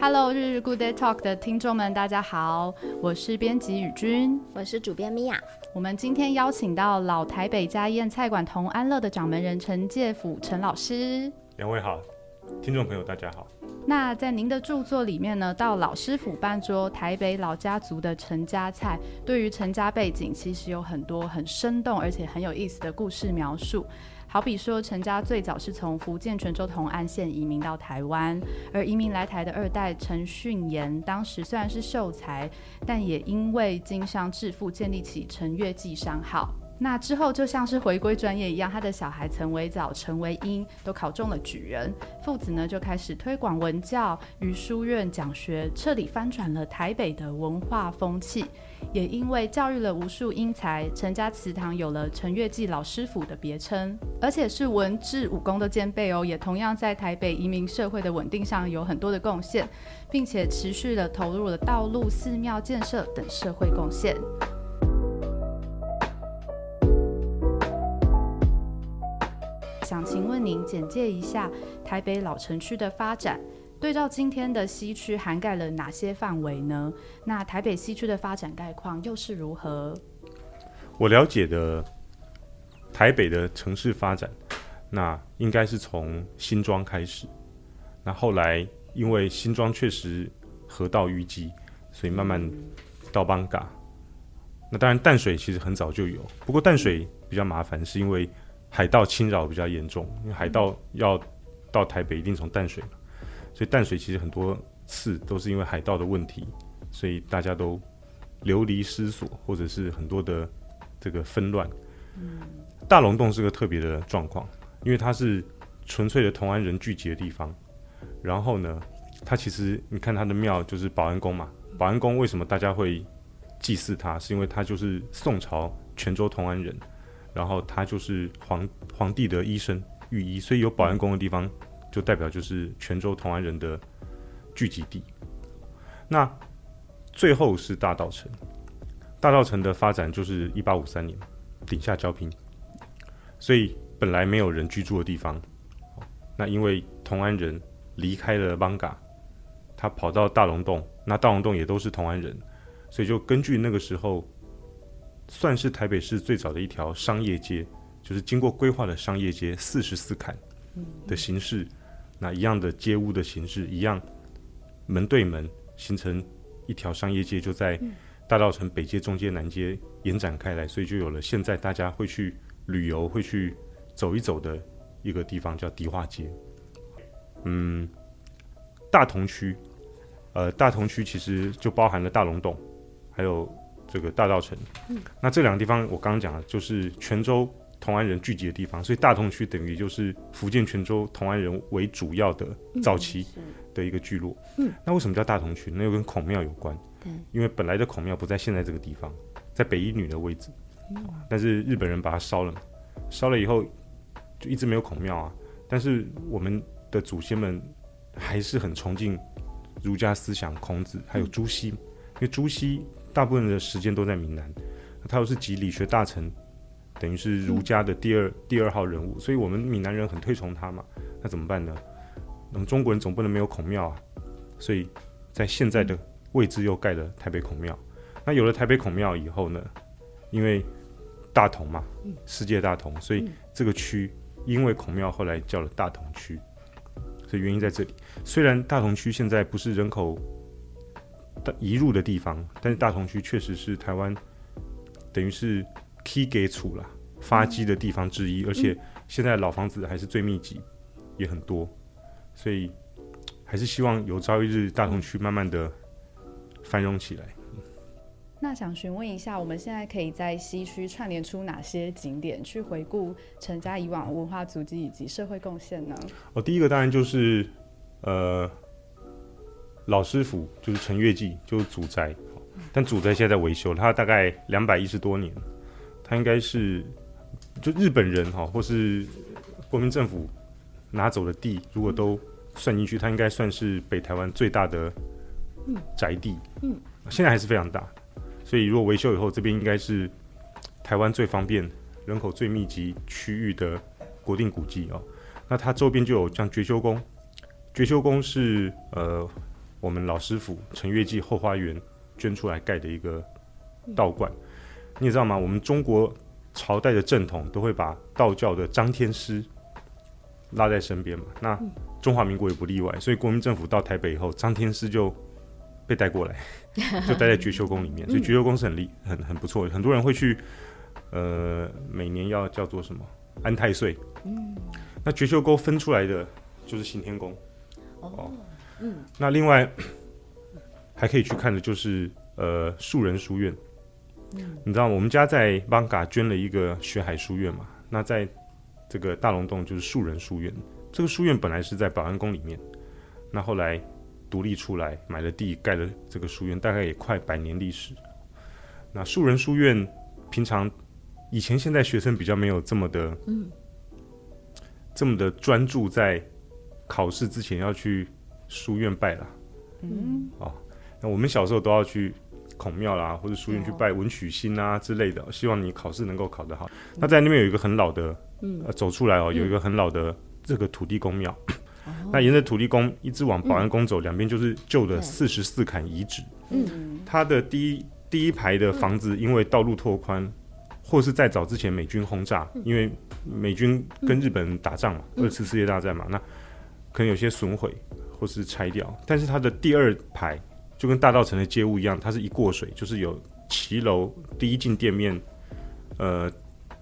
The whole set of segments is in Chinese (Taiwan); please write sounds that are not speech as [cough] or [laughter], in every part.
Hello，日日 Good Day Talk 的聽眾們，大家好，我是編輯羽君，我是主編米婭。我們今天邀請到老台北家宴菜館同安樂的掌門人陳玠甫陳老師。兩位好，聽眾朋友大家好。那在您的著作裡面呢，到老師府辦桌，台北老家族的陳家菜，對於陳家背景其實有很多很生動而且很有意思的故事描述。好比說，陳家最早是從福建泉州同安縣移民到臺灣，而移民來台的二代陳訓言，當時雖然是秀才，但也因為經商致富，建立起陳悅記商號。那之後就像是回歸專業一樣，他的小孩陳維藻、陳維英都考中了舉人，父子呢就開始推廣文教與書院講學，徹底翻轉了台北的文化風氣。也因為教育了無數英才，陳家祠堂有了“陳悅記老師府”的別稱，而且是文治武功的兼備哦，也同樣在台北移民社會的穩定上有很多的貢獻，並且持續的投入了道路、寺廟建設等社會貢獻。想請問您簡介一下台北老城區的發展，對照今天的西區，涵蓋了哪些範圍呢？那台北西區的發展概況又是如何？我了解的台北的城市發展，那應該是從新莊開始，那後來因為新莊確實河道淤積，所以慢慢到艋舺。那當然淡水其實很早就有，不過淡水比較麻煩，是因為，海盜侵擾比較嚴重，因為海盜要到台北一定從淡水。所以淡水其實很多次都是因為海盜的問題，所以大家都流離失所，或者是很多的這個紛亂。嗯。大龍峒是個特別的狀況，因為它是純粹的同安人聚集的地方。然後呢，它其實你看它的廟就是保安宮嘛，保安宮為什麼大家會祭祀它，是因為它就是宋朝泉州同安人。然後他就是皇皇帝的醫生御醫，所以有保安宮的地方就代表就是泉州同安人的聚集地。那最後是大稻埕，大稻埕的發展就是一八五三年頂下交聘頂下郊拚。所以本來沒有人居住的地方，那因為同安人離開了艋舺，他跑到大龍峒，那大龍峒也都是同安人，所以就根據那個時候。算是台北市最早的一條商業街，就是經過規劃的商業街，四十四坎的形式，那一樣的街屋的形式，一樣門對門形成一條商業街，就在大稻埕北街、中街、南街延展開來，所以就有了現在大家會去旅遊、會去走一走的一個地方，叫迪化街。嗯，大同區，呃，大同區其實就包含了大龍峒，還有。這個大稻埕，嗯，那這兩個地方，我剛剛講了，就是泉州同安人聚集的地方，所以大同區等於就是福建泉州同安人為主要的早期的一個聚落，嗯，嗯，那為什麼叫大同區？那又跟孔廟有關，對，因為本來的孔廟不在現在這個地方，在北一女的位置，嗯，但是日本人把它燒了，燒了以後就一直沒有孔廟啊，但是我們的祖先們還是很崇敬儒家思想，孔子還有朱熹，嗯，因為朱熹。大部分的時間都在閩南，他又是集理學大成，等於是儒家的第二、嗯、第二號人物，所以我們閩南人很推崇他嘛。那怎麼辦呢？那、嗯、麼中國人總不能沒有孔廟啊，所以在現在的位置又蓋了台北孔廟、嗯。那有了台北孔廟以後呢，因為大同嘛，世界大同，所以這個區因為孔廟後來叫了大同區，所以原因在這裡。雖然大同區現在不是人口。移入的地方，但是大同區確實是台灣，等於是起家厝啦，發跡的地方之一，而且現在老房子還是最密集，也很多，所以還是希望有朝一日大同區慢慢的繁榮起來。那想詢問一下，我們現在可以在西區串聯出哪些景點，去回顧陳家以往文化足跡以及社會貢獻呢？哦，第一個當然就是，呃。老師府就是陳悅記，就是祖宅，但祖宅現在在維修。它大概兩百一十多年，它應該是就日本人哈、哦、或是國民政府拿走的地，如果都算進去，它應該算是北台灣最大的宅地。現在還是非常大，所以如果維修以後，這邊應該是台灣最方便、人口最密集區域的國定古蹟啊、哦。那它周邊就有像覺修宮，覺修宮是呃。我們老師府陳悅記後花園捐出來蓋的一個道觀，你也知道嗎？我們中國朝代的正統都會把道教的張天師拉在身邊嘛。那中華民國也不例外，所以國民政府到台北以後，張天師就被帶過來，就待在覺修宮裡面。所以覺修宮是很厲很很不錯的，很多人會去。呃，每年要叫做什麼安太歲。那覺修宮分出來的就是行天宮。哦、哦。那另外還可以去看的就是呃，樹人書院。嗯、你知道我們家在艋舺捐了一個學海書院嘛？那在這個大龍峒，就是樹人書院。這個書院本來是在保安宮裡面，那後來獨立出來，買了地，蓋了這個書院，大概也快百年歷史。那樹人書院平常以前、現在學生比較沒有這麼的、嗯、這麼的專注，在考試之前要去。書院拜了，嗯，哦，那我們小時候都要去孔廟啦，或者書院去拜文曲星啊之類的，希望你考試能夠考得好。那在那邊有一個很老的，嗯、呃，走出來哦，有一個很老的這個土地公廟，嗯。那沿着土地公一直往保安宮走，兩、嗯、邊就是舊的四十四坎遺址。嗯，它的第一第一排的房子，因為道路拓寬，或是在早之前美軍轟炸，因為美軍跟日本打仗嘛，嗯，二次世界大戰嘛，那可能有些損毀。或是拆掉，但是它的第二排就跟大稻埕的街屋一樣，它是一過水就是有騎樓，第一進店面，呃，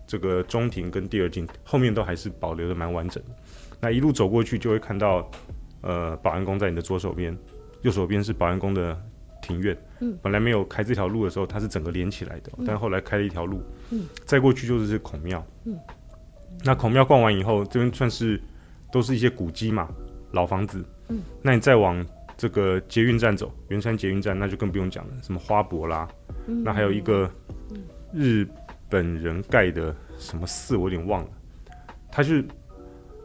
這個中庭跟第二進後面都還是保留的蠻完整的。那一路走過去就會看到，呃，保安宮在你的左手邊，右手邊是保安宮的庭院。嗯。本來沒有開這條路的時候，它是整個連起來的哦。嗯。但後來開了一條路。嗯。再過去就是孔廟。嗯。那孔廟逛完以後，這邊算是都是一些古蹟嘛，老房子。嗯、那你再往這個捷運站走，圓山捷運站，那就更不用講了。什麼花博啦，嗯，那還有一個日本人蓋的什麼寺，我有點忘了。它是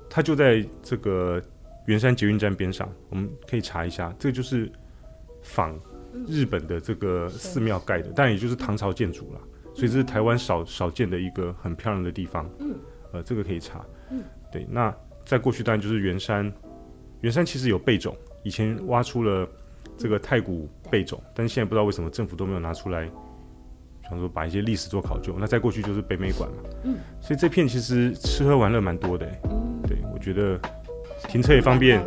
它就在這個圓山捷運站邊上，我們可以查一下。這個就是仿日本的這個寺廟蓋的，但也就是唐朝建築啦。所以這是台灣少少見的一個很漂亮的地方。嗯，呃，這個可以查。嗯，對，那在過去當然就是圓山。圓山其實有貝塚，以前挖出了這個太古貝塚，嗯，但是現在不知道為什麼政府都沒有拿出來，想說把一些歷史做考究。那再過去就是北美館嘛，嗯，所以這片其實吃喝玩樂蠻多的，欸嗯，對我覺得停車也方便，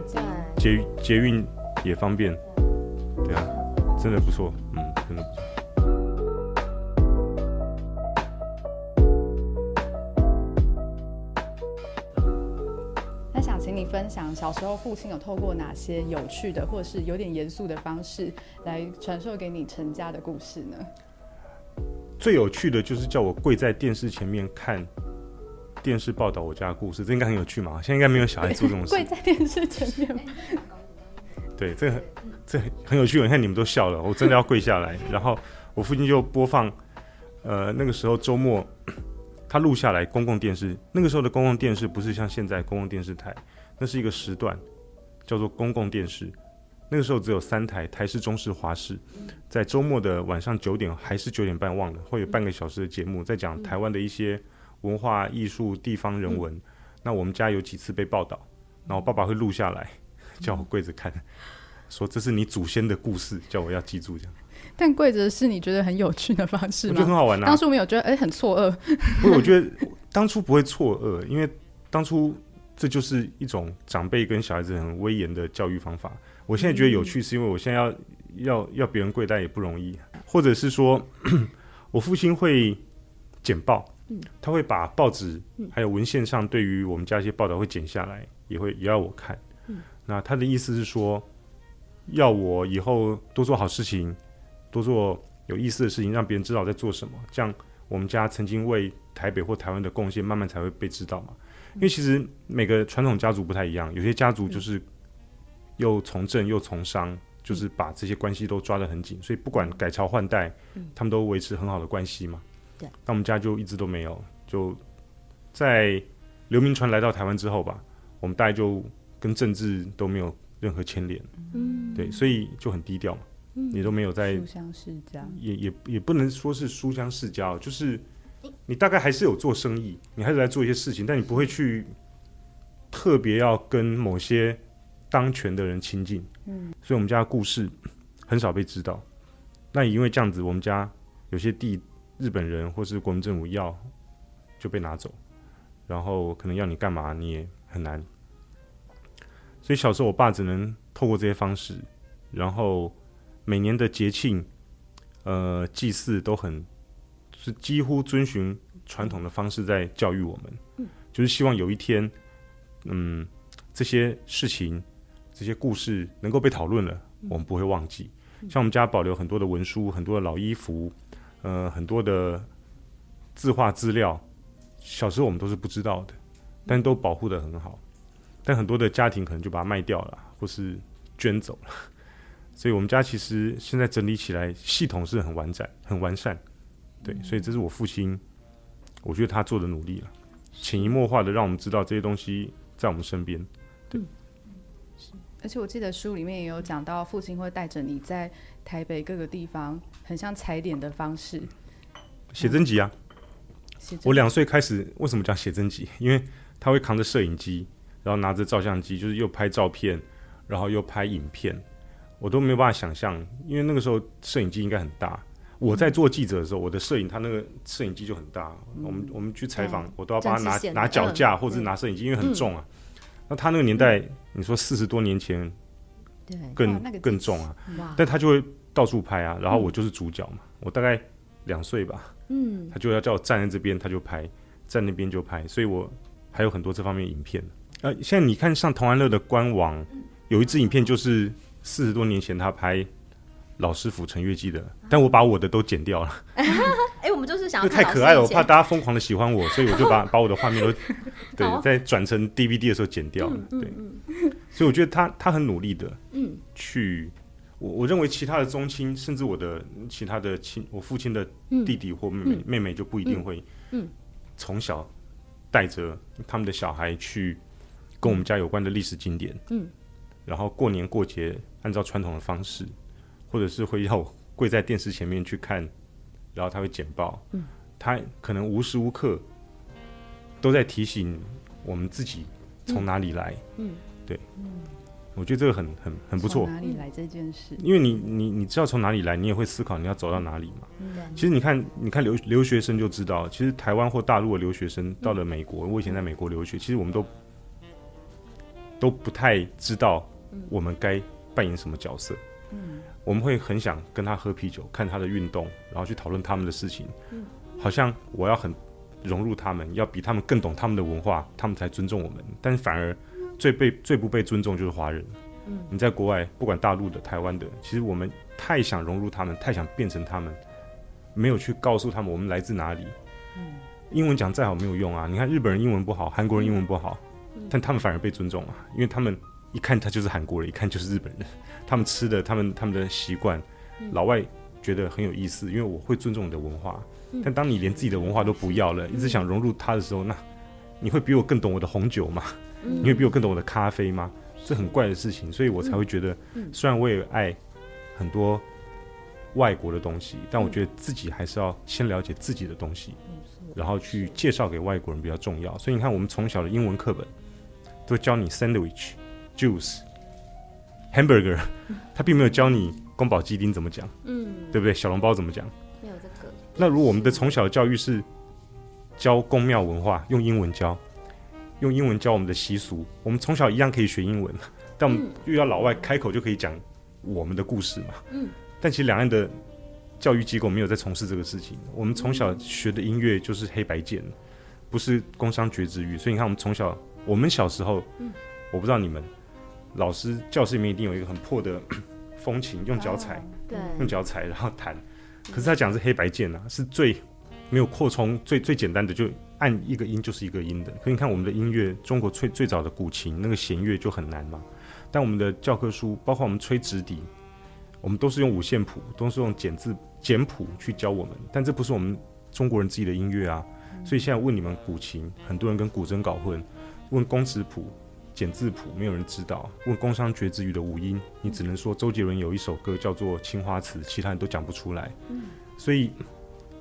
捷捷運也方便，對啊，真的不錯，嗯，真的不錯。分享，小時候父親有透過哪些有趣的，或者是有點嚴肅的方式來傳授給你陳家的故事呢？最有趣的就是叫我跪在電視前面看電視報道我家的故事，這應該很有趣嘛？現在應該沒有小孩做這種事，跪在電視前面。 [laughs] 對，這很、這很有趣，我看你們都笑了，我真的要跪下來。 [laughs] 然後我父親就播放，呃，那個時候周末他錄下來公共電視，那個時候的公共電視不是像現在公共電視台。那是一個時段，叫做公共電視。那個時候只有三台，台視、中視、華視，在周末的晚上九點還是九點半忘了，會有半個小時的節目，在、嗯、講台灣的一些文化藝術、地方人文、嗯。那我們家有幾次被報道、嗯，然後爸爸會錄下來，叫我跪着看，說這是你祖先的故事，叫我要記住這樣。但跪着是你覺得很有趣的方式嗎？我覺得很好玩啊。當初沒有覺得哎、欸、很錯愕。 [laughs] 不，我覺得當初不會錯愕，因為當初。這就是一種長輩跟小孩子很威嚴的教育方法。我現在覺得有趣，是因為我現在要、嗯嗯、要要別人跪拜也不容易，或者是說，嗯、我父親會剪報，他會把報紙還有文獻上對於我們家一些報道會剪下來，也會也要我看、嗯。那他的意思是說，要我以後多做好事情，多做有意思的事情，讓別人知道在做什麼。這樣，我們家曾經為台北或台灣的貢獻，慢慢才會被知道嘛。因為其實每個傳統家族不太一樣，有些家族就是又從政又從商，嗯，就是把這些關係都抓得很緊，嗯，所以不管改朝換代，嗯，他們都維持很好的關係嘛。對，嗯，但我們家就一直都沒有。就在劉銘傳來到台灣之後吧，我們大家就跟政治都沒有任何牽連。嗯，對，所以就很低調嘛，嗯，也都沒有在書香世家，也也也不能說是書香世家，就是。你大概還是有做生意，你還是在做一些事情，但你不會去特別要跟某些當權的人親近。嗯，所以我們家的故事很少被知道。那也因為這樣子，我們家有些地日本人或是國民政府要就被拿走，然後可能要你幹嘛，你也很難。所以小時候我爸只能透過這些方式，然後每年的節慶，呃，祭祀都很。是幾乎遵循傳統的方式在教育我們，就是希望有一天，嗯，這些事情、這些故事能夠被討論了，我們不會忘記。像我們家保留很多的文書、很多的老衣服，呃，很多的字畫資料。小時候我們都是不知道的，但都保護得很好。但很多的家庭可能就把它賣掉了，或是捐走了。所以我們家其實現在整理起來，系統是很完整、很完善。對，所以這是我父親，我覺得他做的努力了，潛移默化的讓我們知道這些東西在我們身邊。對，嗯。而且我記得書裡面也有講到，父親會帶着你在台北各個地方，很像踩點的方式，寫真集啊。嗯，寫真集。我兩歲開始，為什麼講寫真集？因為他會扛着攝影機，然後拿着照相機，就是又拍照片，然後又拍影片，我都沒有辦法想象，因為那個時候攝影機應該很大。我在做記者的時候，嗯、我的攝影，他那個攝影機就很大。嗯、我們我們去採訪，我都要幫他拿拿腳架或者是拿攝影機，因為很重啊、嗯。那他那個年代，嗯、你說四十多年前，對，更、那個、更重啊。但他就會到處拍啊，然後我就是主角嘛。嗯、我大概兩歲吧，嗯，他就要叫我站在這邊，他就拍，在那邊就拍。所以我還有很多這方面的影片。呃，現在你看，像同安樂的官網，有一支影片就是四十多年前他拍老師府陳悅記的，但我把我的都剪掉了。哎、啊，我們就是想太可愛了，我怕大家瘋狂的喜歡我，所以我就把 [laughs] 把我的畫面都對、啊、在轉成 DVD 的時候剪掉了、嗯。對、嗯嗯，所以我覺得他他很努力的去，去、嗯、我我認為其他的宗親，甚至我的其他的親，我父親的弟弟或妹妹、嗯、妹妹就不一定會，從小帶着他們的小孩去跟我們家有關的歷史景點，嗯，然後過年過節按照傳統的方式，或者是會要我跪在電視前面去看，然後他會剪報、嗯，他可能無時無刻都在提醒我們自己從哪裡來。嗯，嗯對嗯，我覺得這個很很很不錯。哪裡來這件事？因為你你你知道從哪裡來，你也會思考你要走到哪裡嘛。嗯、其實你看，你看留留學生就知道，其實台灣或大陸的留學生到了美國、嗯，我以前在美國留學，其實我們都都不太知道我們該扮演什麼角色。我們會很想跟他喝啤酒，看他的運動，然後去討論他們的事情。好像我要很融入他們，要比他們更懂他們的文化，他們才尊重我們。但是反而最被、最不被尊重就是華人。你在國外不管大陸的、台灣的，其實我們太想融入他們，太想變成他們，沒有去告訴他們我們來自哪裡。英文講再好沒有用啊。你看日本人英文不好，韓國人英文不好，但他們反而被尊重了啊，因為他們。一看他就是韓國人，一看就是日本人。他們吃的，他們他們的習慣、嗯，老外覺得很有意思。因為我會尊重你的文化，嗯、但當你連自己的文化都不要了，一直想融入他的時候，那你會比我更懂我的紅酒嗎？嗯、你會比我更懂我的咖啡嗎？是，這很怪的事情，所以我才會覺得，嗯、雖然我也愛很多外國的東西、嗯，但我覺得自己還是要先了解自己的東西，嗯、然後去介紹給外國人比較重要。所以你看，我們從小的英文課本都教你 sandwich。Juice, hamburger，、嗯、他並沒有教你宮保雞丁怎麼講，嗯，對不對？小籠包怎麼講？沒有這個。那如果我們的從小的教育是教宮廟文化，用英文教，用英文教我們的習俗，我們從小一樣可以學英文，但我們遇到老外開口就可以講我們的故事嘛？嗯。但其實兩岸的教育機構沒有在從事這個事情。我們從小學的音樂就是黑白鍵，不是宮商角徵羽。所以你看，我們從小，我們小時候，嗯，我不知道你們。老師教室裡面一定有一個很破的 [coughs] 風琴，用腳踩，對，用腳踩然後彈。可是他講的是黑白鍵啊，是最沒有擴充、最最簡單的，就按一個音就是一個音的。可你看我們的音樂，中國最最早的古琴那個弦樂就很難嘛。但我們的教科書，包括我們吹直笛我們都是用五線譜，都是用簡字簡譜去教我們。但這不是我們中國人自己的音樂啊。所以現在問你們古琴，很多人跟古箏搞混，問工尺譜，減字譜沒有人知道，問宮商角徵羽的五音，你只能說周杰倫有一首歌叫做《青花瓷》，其他人都講不出來。所以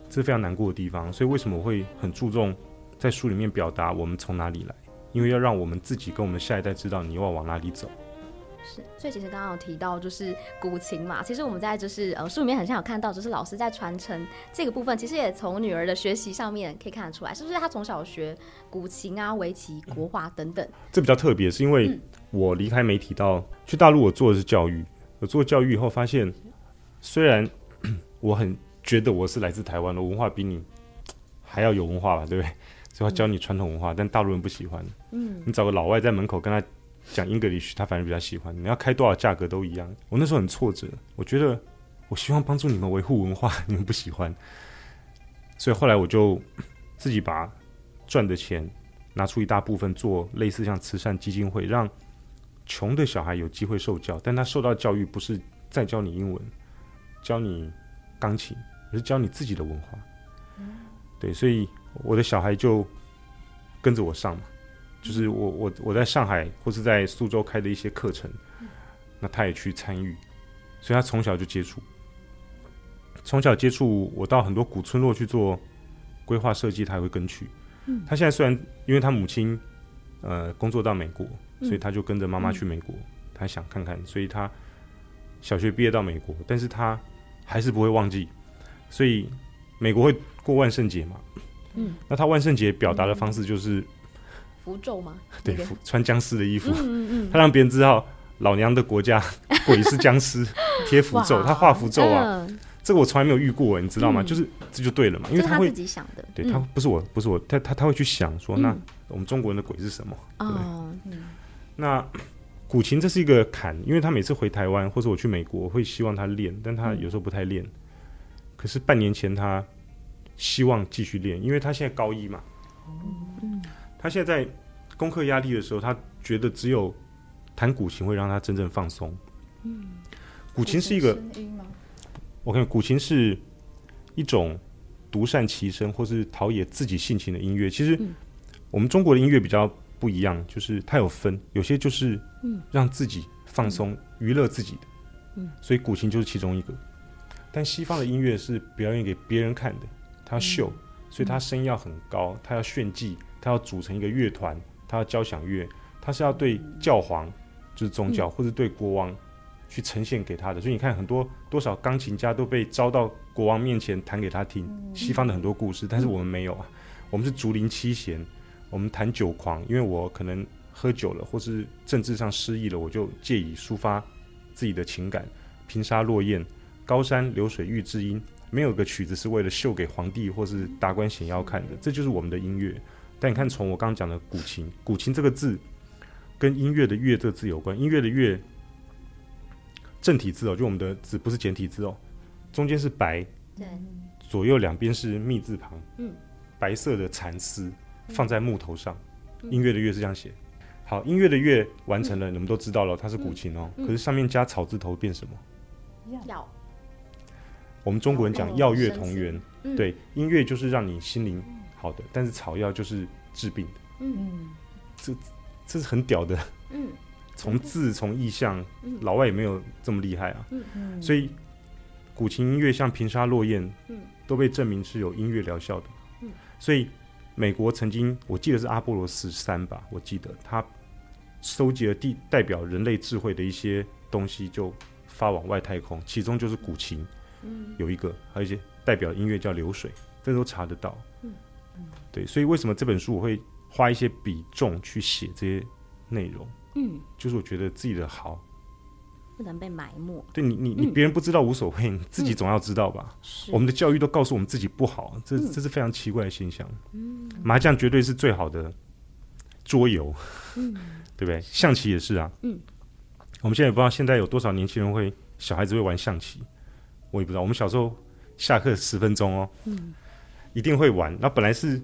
這是非常難過的地方。所以為什麼我會很注重在書裡面表達我們從哪裡來？因為要讓我們自己跟我們下一代知道你又要往哪裡走。是，所以其實剛剛有提到就是古琴嘛，其實我們在就是呃書裡面好像有看到，就是老師在傳承這個部分，其實也從女兒的學習上面可以看得出來，是不是她從小學古琴啊、圍棋、國畫等等，嗯。這比較特別，是因為我離開媒體到、嗯、去大陸，我做的是教育，我做教育以後發現，雖然我很覺得我是來自台灣，我文化比你還要有文化吧，對不對？所以要教你傳統文化，嗯，但大陸人不喜歡。嗯，你找個老外在門口跟他。講 English 他，反正比較喜歡，你們要開多少價格都一樣。我那時候很挫折，我覺得我希望幫助你們維護文化，你們不喜歡，所以後來我就自己把賺的錢拿出一大部分做類似像慈善基金會，讓窮的小孩有機會受教，但他受到教育不是再教你英文，教你鋼琴，而是教你自己的文化。對，所以我的小孩就跟着我上嘛。就是我我我在上海或是在蘇州開的一些課程、嗯，那他也去參與，所以他從小就接觸，從小接觸我到很多古村落去做規劃設計，他也會跟去、嗯。他現在雖然因為他母親呃工作到美國，所以他就跟着媽媽去美國、嗯，他想看看，所以他小學畢業到美國，但是他還是不會忘記，所以美國會過萬聖節嘛、嗯？那他萬聖節表達的方式就是。符咒嗎？對，穿僵屍的衣服，嗯嗯嗯，他讓別人知道老娘的國家鬼是僵屍，貼符咒， [laughs] 他畫符咒啊。嗯、這個我從來沒有遇過，你知道嗎？嗯、就是這就對了嘛，因為他會、就是、他自己想的。嗯、對他不是我，不是我，他他他會去想說、嗯，那我們中國人的鬼是什麼？哦、對、嗯、那古琴這是一個坎，因為他每次回台灣或者我去美國，我會希望他練，但他有時候不太練、嗯。可是半年前他希望繼續練，因為他現在高一嘛。嗯。嗯他現在在功課壓力的時候，他覺得只有彈古琴會讓他真正放鬆、嗯。古琴是一個，我看古琴是一種獨善其身或是陶冶自己性情的音樂。其實、嗯、我們中國的音樂比較不一樣，就是它有分，有些就是讓自己放鬆娛樂自己的、嗯。所以古琴就是其中一個。但西方的音樂是表演給別人看的，他要秀、嗯，所以他聲音要很高，他要炫技。他要組成一個樂團，他要交響樂，他是要對教皇，嗯、就是宗教，嗯、或者對國王，去呈現給他的。所以你看，很多多少鋼琴家都被招到國王面前彈給他聽、嗯。西方的很多故事，但是我們沒有啊，嗯、我們是竹林七賢，我們彈酒狂，因為我可能喝酒了，或是政治上失意了，我就借以抒發自己的情感。平沙落雁，高山流水遇知音，沒有一個曲子是為了秀給皇帝或是達官顯要看的、嗯、是的，這就是我們的音樂。但你看，從我剛剛講的古琴，古琴這個字，跟音樂的“樂”這個字有關。音樂的“樂”，正體字哦，就我們的字不是簡體字哦，中間是白，左右兩邊是“密”字旁、嗯，白色的蠶絲放在木頭上，嗯、音樂的“樂”是這樣寫。好，音樂的“樂”完成了、嗯，你們都知道了，它是古琴哦。嗯、可是上面加“草”字頭變什麼？“藥”。我們中國人講“藥樂同源”，對，音樂就是讓你心靈。好的，但是草藥就是治病的。嗯，這這是很屌的。嗯，從字從意象、嗯、老外也沒有這麼厲害啊。嗯嗯。所以古琴音樂像平沙落雁、嗯，都被證明是有音樂療效的。嗯。所以美國曾經我記得是阿波羅十三吧，我記得他收集了地代表人類智慧的一些東西，就發往外太空，其中就是古琴。嗯，嗯有一個還有一些代表音樂叫流水，這都查得到。嗯。嗯、對，所以為什麼這本書我會花一些比重去寫這些內容？嗯，就是我覺得自己的好不能被埋沒。對你，你、嗯、你別人不知道無所謂，你自己總要知道吧？嗯、是、我們的教育都告訴我們自己不好，這是、嗯、這是非常奇怪的現象。嗯、麻將絕對是最好的桌遊，嗯、 [laughs] 對不對？象棋也是啊。嗯，我們現在也不知道現在有多少年輕人會小孩子會玩象棋，我也不知道。我們小時候下課十分鐘哦。嗯。一定會玩。那本來是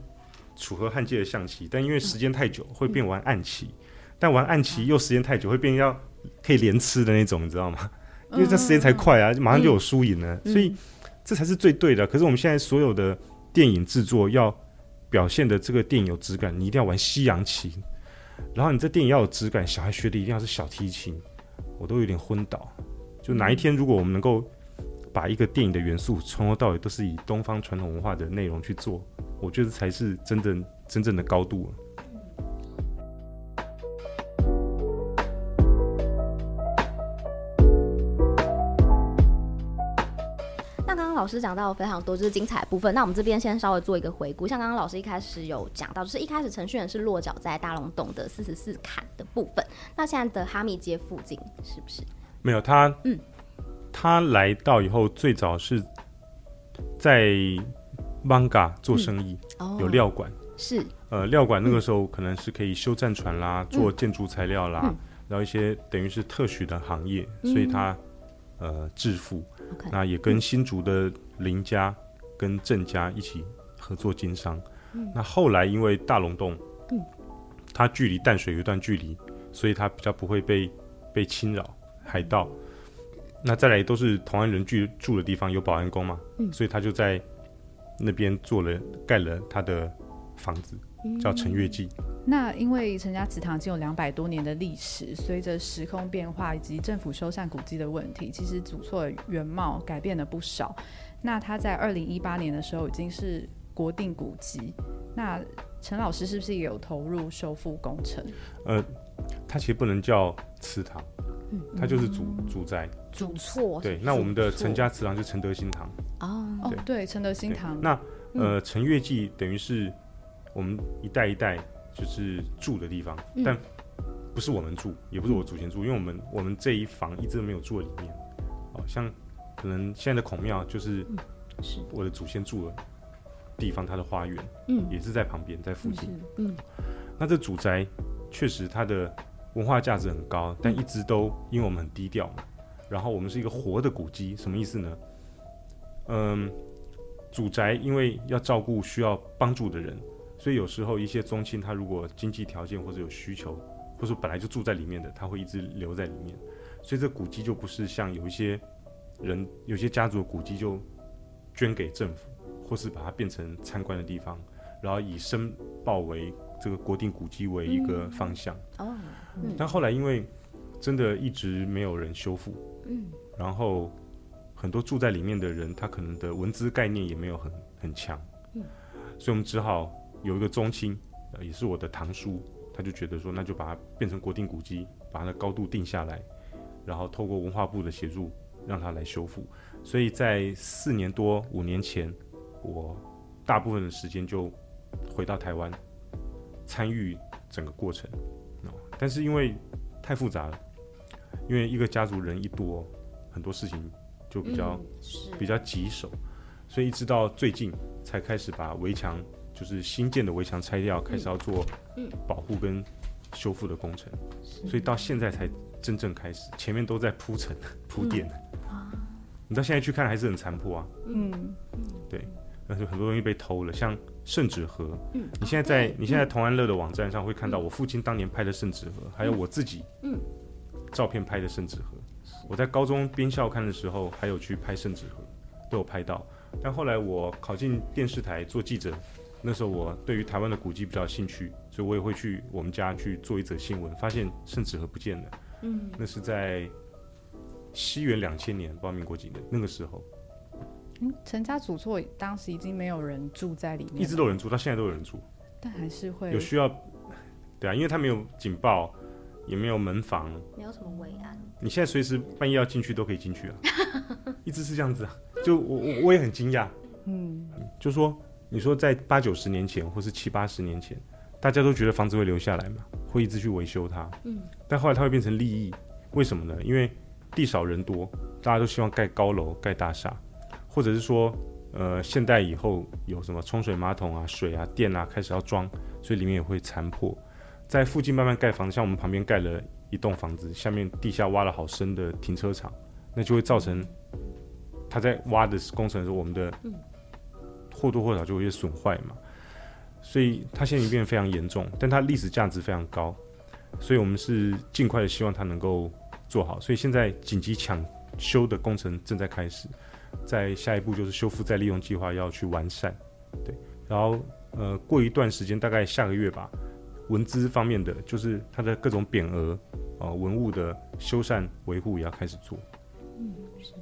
楚河漢界的象棋，但因為時間太久，嗯、會變玩暗棋，嗯。但玩暗棋又時間太久，會變要可以連吃的那種，你知道嗎？因為這時間才快啊，嗯、馬上就有輸贏了，嗯。所以這才是最對的。可是我們現在所有的電影製作要表現的這個電影有質感，你一定要玩西洋棋。然後你這電影要有質感，小孩學的一定要是小提琴。我都有點昏倒。就哪一天如果我們能夠。把一個電影的元素從頭到尾都是以東方傳統文化的內容去做，我覺得這才是真正真正的高度啊。那剛剛老師講到非常多，就是精彩的部分。那我們這邊先稍微做一個回顧，像剛剛老師一開始有講到，就是一開始陳悅記是落腳在大龍峒的四十四坎的部分，那現在的哈密街附近是不是沒有他，嗯。他來到以後，最早是在艋舺做生意，嗯、有料館、哦、是呃料館，那個時候可能是可以修戰船啦，嗯、做建築材料啦、嗯，然後一些等於是特許的行業，嗯、所以他呃致富、嗯，那也跟新竹的林家跟鄭家一起合作經商。嗯、那後來因為大龍峒，它、嗯、距離淡水有一段距離，所以它比較不會被被侵擾海盜。嗯那再來都是同安人居住的地方，有保安宮嘛、嗯，所以他就在那邊做了蓋了他的房子，叫陳悅記、嗯。那因為陳家祠堂已經有兩百多年的歷史，隨着時空變化以及政府修繕古蹟的問題，其實祖厝原貌改變了不少。那他在二零一八年的時候已經是國定古蹟。那陳老師是不是也有投入修復工程？嗯嗯、呃，他其實不能叫祠堂，他就是祖、嗯、祖宅。祖厝對，那我們的陳家祠堂是陳德星堂哦，對，陳德星堂。那、嗯、呃，陳悅記等於是我們一代一代就是住的地方，嗯、但不是我們住、嗯，也不是我祖先住，因為我們我們這一房一直都沒有住在裡面。哦，像可能現在的孔廟就是、嗯、是我的祖先住的地方，它的花園嗯也是在旁邊在附近嗯，嗯。那這祖宅確實它的文化價值很高，但一直都因為我們很低調嘛。嗯然後我們是一個活的古蹟，什麼意思呢？嗯，祖宅因為要照顧需要幫助的人，所以有時候一些宗親他如果經濟條件或者有需求，或是本來就住在裡面的，他會一直留在裡面。所以這古蹟就不是像有一些人有些家族的古蹟就捐給政府，或是把它變成參觀的地方，然後以申報為這個國定古蹟為一個方向。嗯，哦，嗯，但後來因為真的一直沒有人修復。嗯，然後很多住在裡面的人，他可能的文資概念也沒有很很強，嗯，所以我們只好有一個宗親，呃，也是我的堂叔，他就覺得說，那就把它變成國定古蹟，把它的高度定下來，然後透過文化部的協助，讓它來修復。所以在四年多五年前，我大部分的時間就回到台灣參與整個過程，呃，但是因為太複雜了。因為一個家族人一多，哦，很多事情就比較、嗯、比較棘手，所以一直到最近才開始把圍牆，就是新建的圍牆拆掉，嗯，開始要做保護跟修復的工程的，所以到現在才真正開始，前面都在鋪陳鋪墊。你到現在去看還是很殘破啊，嗯。嗯，對，那就很多東西被偷了，像聖旨盒、嗯。你現在在、嗯、你現在同安樂的網站上會看到我父親當年拍的聖旨盒、嗯，還有我自己。嗯。照片拍的聖旨盒，我在高中編校刊的時候，還有去拍聖旨盒，都有拍到。但後來我考進電視台做記者，那時候我對於台灣的古蹟比較興趣，所以我也會去我們家去做一則新聞，發現聖旨盒不見了。嗯，那是在西元兩千年，報民國幾年那個時候。嗯，陳家祖厝當時已經沒有人住在裡面，一直都有人住，到現在都有人住，嗯、但還是會有需要。對啊，因為他沒有警報。也沒有門房，沒有什麼圍欄。你現在隨時半夜要進去都可以進去啊，一直是這樣子啊。就我我我也很驚訝，嗯，就說你說在八九十年前或是七八十年前，大家都覺得房子會留下來嘛，會一直去維修它，嗯。但後來它會變成利益，為什麼呢？因為地少人多，大家都希望蓋高樓、蓋大廈，或者是說，呃，現代以後有什麼沖水馬桶啊、水啊、電啊，開始要裝，所以裡面也會殘破。在附近慢慢蓋房子，像我們旁邊蓋了一棟房子，下面地下挖了好深的停車場，那就會造成他在挖的工程的時候，我們的或多或少就會有些損壞嘛。所以它現在已經變得非常嚴重，但它歷史價值非常高，所以我們是盡快的希望它能夠做好。所以現在緊急搶修的工程正在開始，再下一步就是修復再利用計劃要去完善，對，然後呃過一段時間，大概下個月吧。文資方面的，就是它的各種匾額啊、呃，文物的修繕維護也要開始做。嗯，是。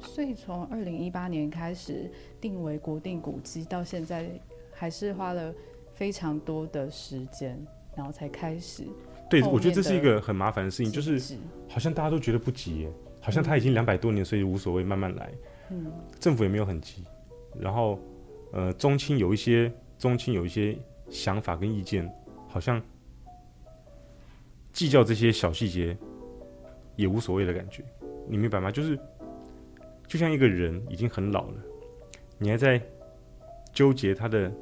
所以從二零一八年開始定為國定古蹟，到現在還是花了非常多的時間，然後才開始。對，我覺得這是一個很麻煩的事情，就是好像大家都覺得不急，好像他已經兩百多年，所以無所謂，慢慢來。嗯。政府也沒有很急，然後呃，宗親有一些宗親有一些想法跟意見。好像計較這些小細節也無所謂的感覺，你明白嗎？就是就像一個人已經很老了，你還在糾結他的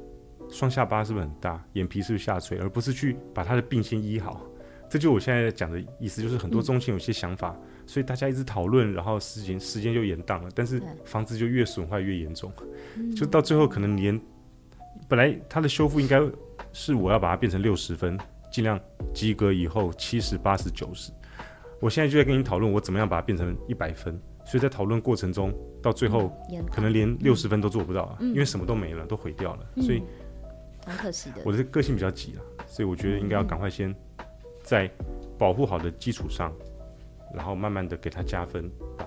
雙下巴是不是很大，眼皮是不是下垂，而不是去把他的病先醫好。這就我現在講的意思，就是很多中心有些想法、嗯，所以大家一直討論，然後時間時間就延宕了，但是房子就越損壞越嚴重，嗯、就到最後可能連本來他的修復應該、嗯。應該是我要把它變成六十分，盡量及格以後七十八十九十。我現在就在跟你討論我怎麼樣把它變成一百分。所以在討論過程中，到最後、嗯、可能連六十分都做不到、嗯，因為什麼都沒了，嗯、都毀掉了。所以，蠻、嗯、可惜的。我的個性比較急了，所以我覺得應該要趕快先在保護好的基礎上、嗯，然後慢慢的給它加分，把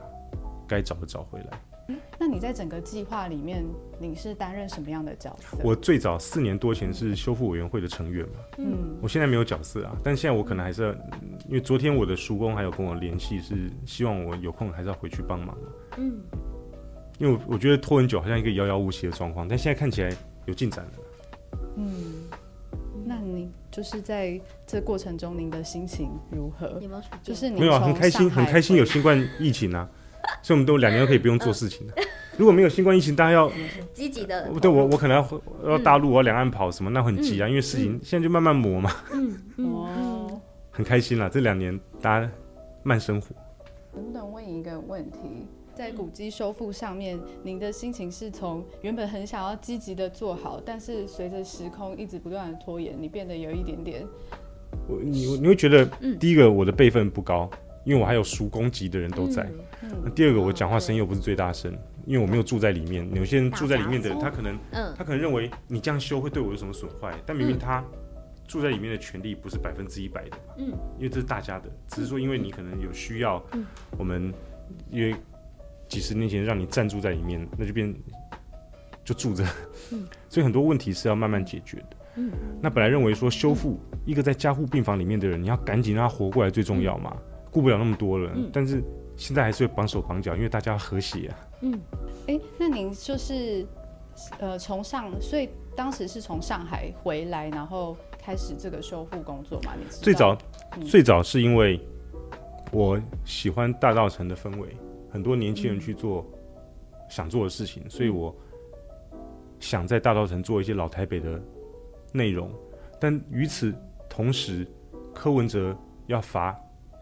該找的找回來。嗯、那你在整個計劃裡面，你是擔任什麼樣的角色？我最早四年多前是修復委員會的成員嘛。嗯，我現在沒有角色啊，但現在我可能還是要，因為昨天我的叔公還有跟我聯繫，是希望我有空還是要回去幫忙。嗯，因為我，我覺得拖很久好像一個遙遙無期的狀況，但現在看起來有進展了。嗯，那你就是在這過程中，您的心情如何？嗯、就是沒有、啊、很開心，很開心有新冠疫情啊？ [laughs] [laughs] 所以我們都兩年都可以不用做事情的，如果沒有新冠疫情，大家要積極的。對我，我可能要要大陸，我要兩岸跑什麼，那很急啊，因為事情現在就慢慢磨嘛。嗯，哦，很開心啦，這兩年大家慢生活。等等，問一個問題，在古蹟修復上面，您的心情是從原本很想要積極的做好，但是隨着時空一直不斷的拖延，你變得有一點點。我，你，你會覺得，第一個，我的輩分不高。因為我還有叔公級的人都在，那、嗯嗯、第二個我講話聲音又不是最大聲、嗯，因為我沒有住在裡面。嗯、有些人住在裡面的人，人，他可能，嗯，他可能認為你這樣修會對我有什麼損壞、嗯？但明明他住在裡面的權利不是百分之一百的，嗯，因為這是大家的，只是說因為你可能有需要，我們因為幾十年前讓你暫住在裡面，那就變就住着，嗯， [laughs] 所以很多問題是要慢慢解決的，嗯，那本來認為說修復一個在加護病房裡面的人，嗯、你要趕緊讓他活過來最重要嘛。嗯顧不了那麼多了，嗯，但是現在還是會綁手綁腳，因為大家和諧啊。嗯，哎、欸，那您就是呃，從上，所以當時是從上海回來，然後開始這個修復工作嘛？你最早、嗯、最早是因為我喜歡大稻埕的氛圍，很多年輕人去做想做的事情，嗯、所以我想在大稻埕做一些老台北的內容，但與此同時、嗯，柯文哲要罰。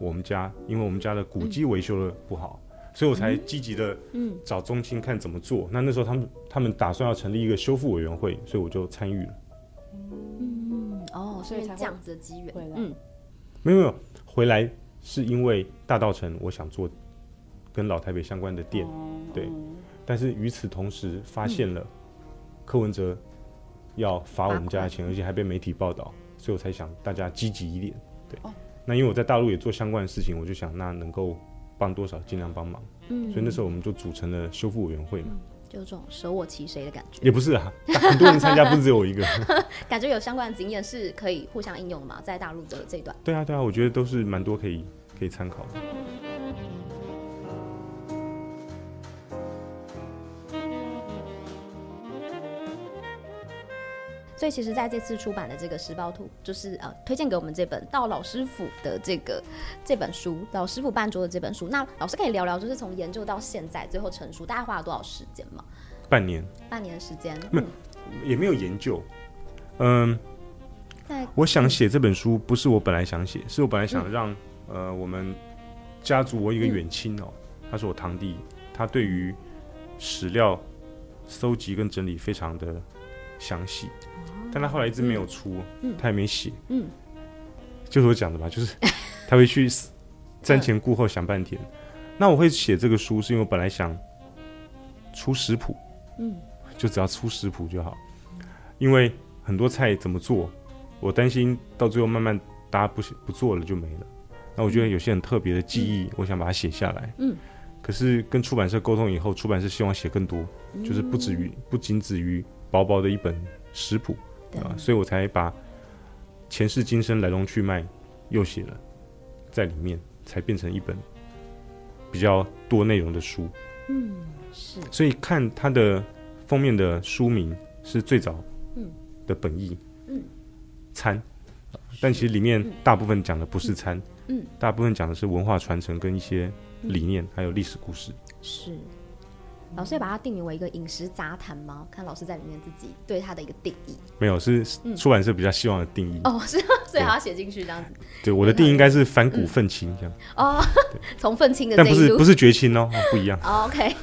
我們家，因為我們家的古蹟維修的不好、嗯，所以我才積極的嗯找中心看怎麼做。嗯、那那時候他們他們打算要成立一個修復委員會，所以我就參與了。嗯,嗯哦，所以、嗯、這樣子的機緣，嗯，沒有沒有回來，是因為大稻埕我想做跟老台北相關的店，嗯、對。但是與此同時發現了、嗯、柯文哲要罰我們家的錢，而且還被媒體報道，所以我才想大家積極一點，對。哦那因為我在大陸也做相關的事情，我就想那能夠幫多少盡量幫忙，嗯，所以那時候我們就組成了修復委員會嘛，嗯，就有種捨我其誰的感覺，也不是啊，很多人參加不是只有我一個， [laughs] [laughs] [laughs] 感覺有相關的經驗是可以互相應用的嘛，在大陸的這段，對啊對啊，我覺得都是蠻多可以可以參考的。所以其實，在這次出版的這個時報圖，就是呃，推薦給我們這本《到老師府》的這個這本書，《老師府辦桌》的這本書。那老師可以聊聊，就是從研究到現在最後成書，大概花了多少時間嘛？半年，半年時間。也沒有研究。嗯，在、嗯、我想寫這本書，不是我本來想寫，是我本來想讓、嗯、呃，我們家族我一個遠親哦，他是我堂弟，他對於史料蒐集跟整理非常的詳細。但他後來一直沒有出，嗯嗯、他也沒寫、嗯嗯，就是我講的吧，就是他會去 [laughs] 瞻前顧後想半天、嗯。那我會寫這個書，是因為我本來想出食譜，嗯，就只要出食譜就好，嗯、因為很多菜怎麼做，我擔心到最後慢慢大家不寫不做了就沒了。那我覺得有些很特別的記憶、嗯，我想把它寫下來，嗯。可是跟出版社溝通以後，出版社希望寫更多，就是不止於不僅止於薄薄的一本食譜。嗯，所以我才把前世今生來龍去脈又寫了在裡面，嗯，才變成一本比較多內容的書。嗯，是。所以看它的封面的書名是最早的本意嗯，餐，嗯，但其實裡面大部分講的不是餐是嗯，大部分講的是文化傳承跟一些理念，嗯，還有歷史故事是。老師把它定義為一個飲食雜談嗎？看老師在裡面自己對他的一個定義，沒有，是出版社比較希望的定義、嗯、哦，是最好要寫進去這樣子。對，我的定義應該是反骨憤青這樣、嗯、哦，從憤青的，但不是不是絕親哦，不一樣。哦、OK。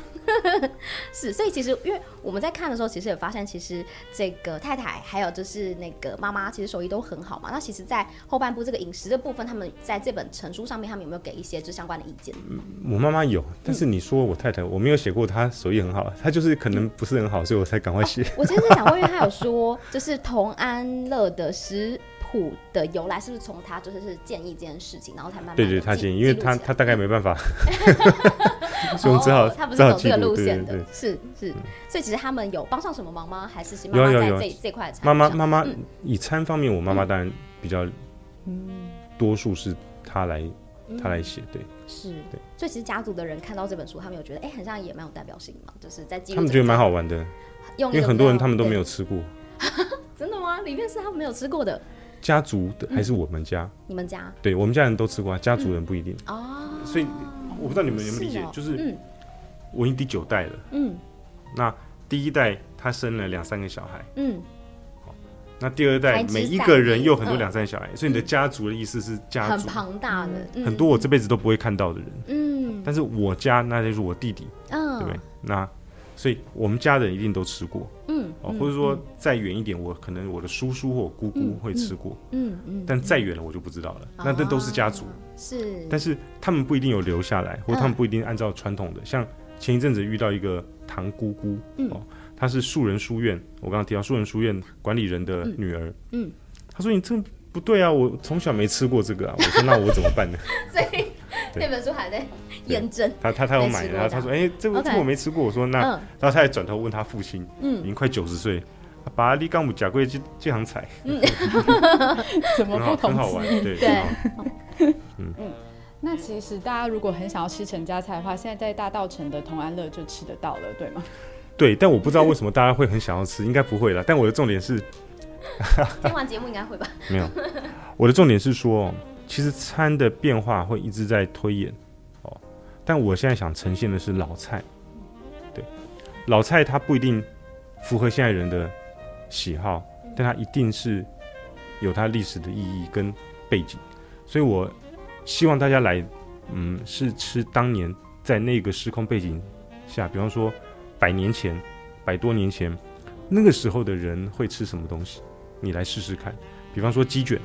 [laughs] 是，所以其實因為我們在看的時候，其實也發現，其實這個太太還有就是那個媽媽，其實手藝都很好嘛。那其實，在後半部這個飲食的部分，他們在這本成書上面，他們有沒有給一些就相關的意見？嗯、我媽媽有，但是你說我太太，嗯、我沒有寫過她手藝很好，她就是可能不是很好，所以我才趕快寫、 [laughs] 哦。我其實是想問，因為他有說，就是同安樂的食。虎的由來是不是從他就是是建議這件事情，然後才慢慢對，對對，他建，議，因為他他，他大概沒辦法，所以我們只好他不是走這個路線的，對對對對是是、嗯，所以其實他們有幫上什麼忙嗎？還是媽媽在這這，這塊餐媽媽？媽媽媽媽、嗯，以餐方面，我媽媽當然比較多數是他來他、嗯、來寫，對，是對，所以其實家族的人看到這本書，他們有覺得哎，很像也蠻有代表性嘛，就是在他們覺得蠻好玩的，因為很多人他們都沒有吃過， [laughs] 真的嗎？裡面是他們沒有吃過的。家族的還是我們家？嗯、你們家？對我們家人都吃過、啊，家族人不一定、嗯、哦。所以我不知道你們有沒有理解、哦，就是我已經第九代了。嗯，那第一代他生了兩三個小孩。嗯，好，那第二代每一個人又很多兩三個小孩，所以你的家族的意思是家族、嗯、很龐大的、嗯嗯，很多我這輩子都不會看到的人嗯。嗯，但是我家那就是我弟弟。嗯、哦，對,不對，那。所以我們家人一定都吃過，嗯，哦、嗯，或者說再遠一點，嗯，我可能我的叔叔或姑姑會吃過，嗯嗯，但再遠了我就不知道了。嗯、那這都是家族，是、哦，但是他們不一定有留下來，或他們不一定按照傳統的、嗯。像前一陣子遇到一個堂姑姑，嗯、哦，她是樹人書院，我剛剛提到樹人書院管理人的女兒，嗯，他、嗯、說你這不對啊，我從小沒吃過這個啊，我說那我怎麼辦呢？ [laughs] 所以那本書還在驗證。他他他有買，然後他說：“哎、欸，這這我沒吃過。Okay. ”我說：“那。嗯”然後他還轉頭問他父親：“嗯，已經快九十歲，把立竿五甲貴進進行菜。嗯”嗯怎麼不同？ [laughs] 很好玩，對對。嗯 [laughs] 嗯，那其實大家如果很想要吃陳家菜的話，現在在大稻埕的同安樂就吃得到了，對嗎？對，但我不知道為什麼大家會很想要吃，應該不會啦。但我的重點是， [laughs] [laughs] 聽完節目應該會吧？ [laughs] 沒有，我的重點是說。其實餐的變化會一直在推演，哦，但我現在想呈現的是老菜，對，老菜它不一定符合現代人的喜好，但它一定是有它歷史的意義跟背景，所以我希望大家來，嗯，試吃當年在那個時空背景下，比方說百年前、百多年前，那個時候的人會吃什麼東西，你來試試看，比方說雞卷。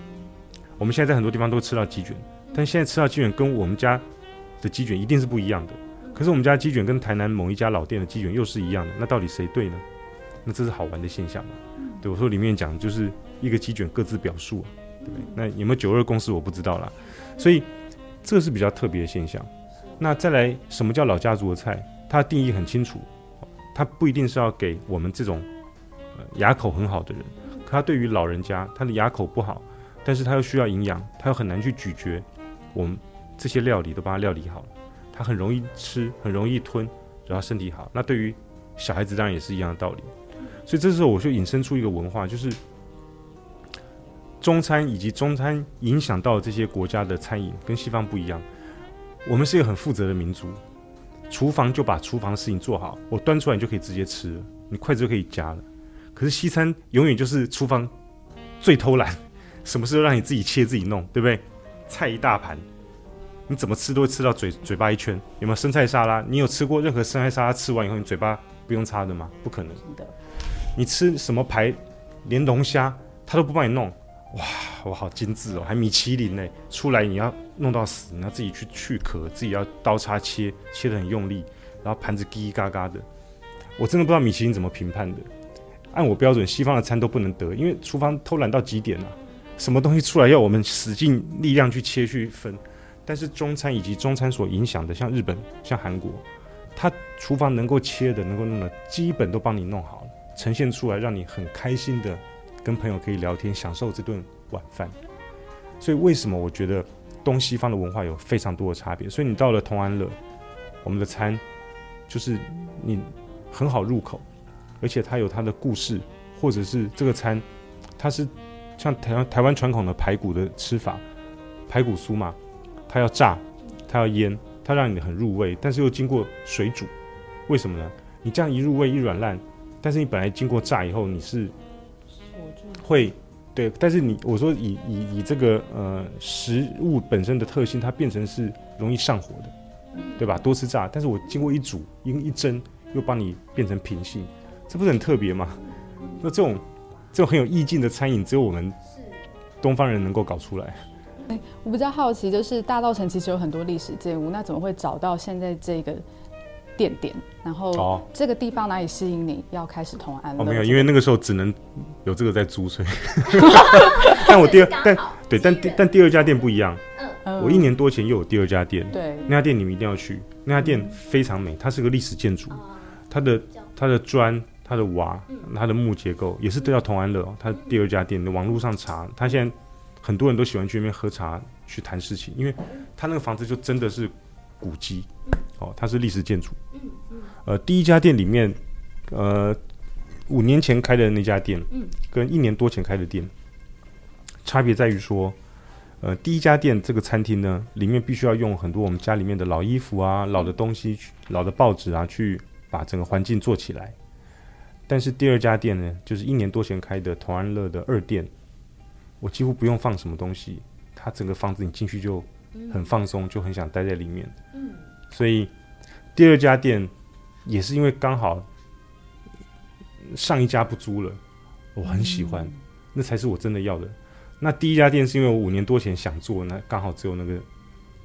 我們現在在很多地方都吃到雞捲，但現在吃到雞捲跟我們家的雞捲一定是不一樣的。可是我們家雞捲跟台南某一家老店的雞捲又是一樣的，那到底誰對呢？那這是好玩的現象嘛？對我說，裡面講的就是一個雞捲各自表述，對不對？那有沒有九二共識我不知道啦。所以這是比較特別的現象。那再來，什麼叫老家族的菜？它的定義很清楚，它不一定是要給我們這種呃、牙口很好的人，可它對於老人家，他的牙口不好。但是他又需要營養，他又很難去咀嚼。我們這些料理都把它料理好了，他很容易吃，很容易吞，然後身體好，那對於小孩子當然也是一樣的道理。所以這時候我就引申出一個文化，就是中餐以及中餐影響到這些國家的餐飲跟西方不一樣。我們是一個很負責的民族，廚房就把廚房的事情做好，我端出來你就可以直接吃了，你筷子就可以夾了。可是西餐永遠就是廚房最偷懶。什麼時候讓你自己切自己弄，對不對？菜一大盤，你怎麼吃都會吃到嘴嘴巴一圈。有沒有生菜沙拉？你有吃過任何生菜沙拉？吃完以後你嘴巴不用擦的嗎？不可能。你吃什麼排，連龍蝦他都不幫你弄。哇，我好精緻哦，還米其林呢。出來你要弄到死，你要自己去去殼，自己要刀叉切，切得很用力，然後盤子滴滴嘎嘎的。我真的不知道米其林怎麼評判的。按我標準，西方的餐都不能得，因為廚房偷懶到極點啊。什麼東西出來要我們使盡力量，去切去分，但是中餐以及中餐所影響的，像日本、像韓國，它廚房能夠切的、能夠弄的，基本都幫你弄好了，呈現出來讓你很開心的，跟朋友可以聊天，享受這頓晚飯。所以為什麼我覺得東西方的文化有非常多的差別？所以你到了同安樂，我們的餐就是你很好入口，而且它有它的故事，或者是這個餐，它是。像台灣台灣傳統的排骨的吃法，排骨酥嘛，它要炸，它要醃，它讓你很入味，但是又經過水煮，為什麼呢？你這樣一入味一軟爛，但是你本來經過炸以後你是，會，對，但是你我說以以以這個呃食物本身的特性，它變成是容易上火的，對吧？多吃炸，但是我經過一煮，一，一蒸，又幫你變成平性，這不是很特別嗎？那這種。這種很有意境的餐飲，只有我們東方人能夠搞出來、欸。我比較好奇，就是大稻埕其實有很多歷史建築，那怎麼會找到現在這個店點？然後、哦、這個地方哪裡吸引你要開始同安樂？我、哦、沒有，因為那個時候只能有這個在租，所以、嗯。 [laughs] [laughs] [laughs] 但我第二，就是、但對，但但第二家店不一樣、嗯。我一年多前又有第二家店，對，那家店你們一定要去，那家店非常美，嗯、它是個歷史建築、嗯，它的它的磚。他的瓦，他的木結構也是都叫同安樂，哦。他第二家店，你網絡上查，他現在很多人都喜歡去那邊喝茶去談事情，因為他那個房子就真的是古蹟，哦，它是歷史建築。呃，第一家店裡面，呃，五年前開的那家店，跟一年多前開的店，差別在於說，呃，第一家店這個餐廳呢，裡面必須要用很多我們家裡面的老衣服啊、老的東西、老的報紙啊，去把整個環境做起來。但是第二家店呢，就是一年多前開的同安樂的二店，我幾乎不用放什麼東西，它整個房子你進去就很放鬆，嗯，就很想待在裡面，嗯。所以第二家店也是因為剛好上一家不租了，我很喜歡，嗯，那才是我真的要的。那第一家店是因為我五年多前想做，那剛好只有那個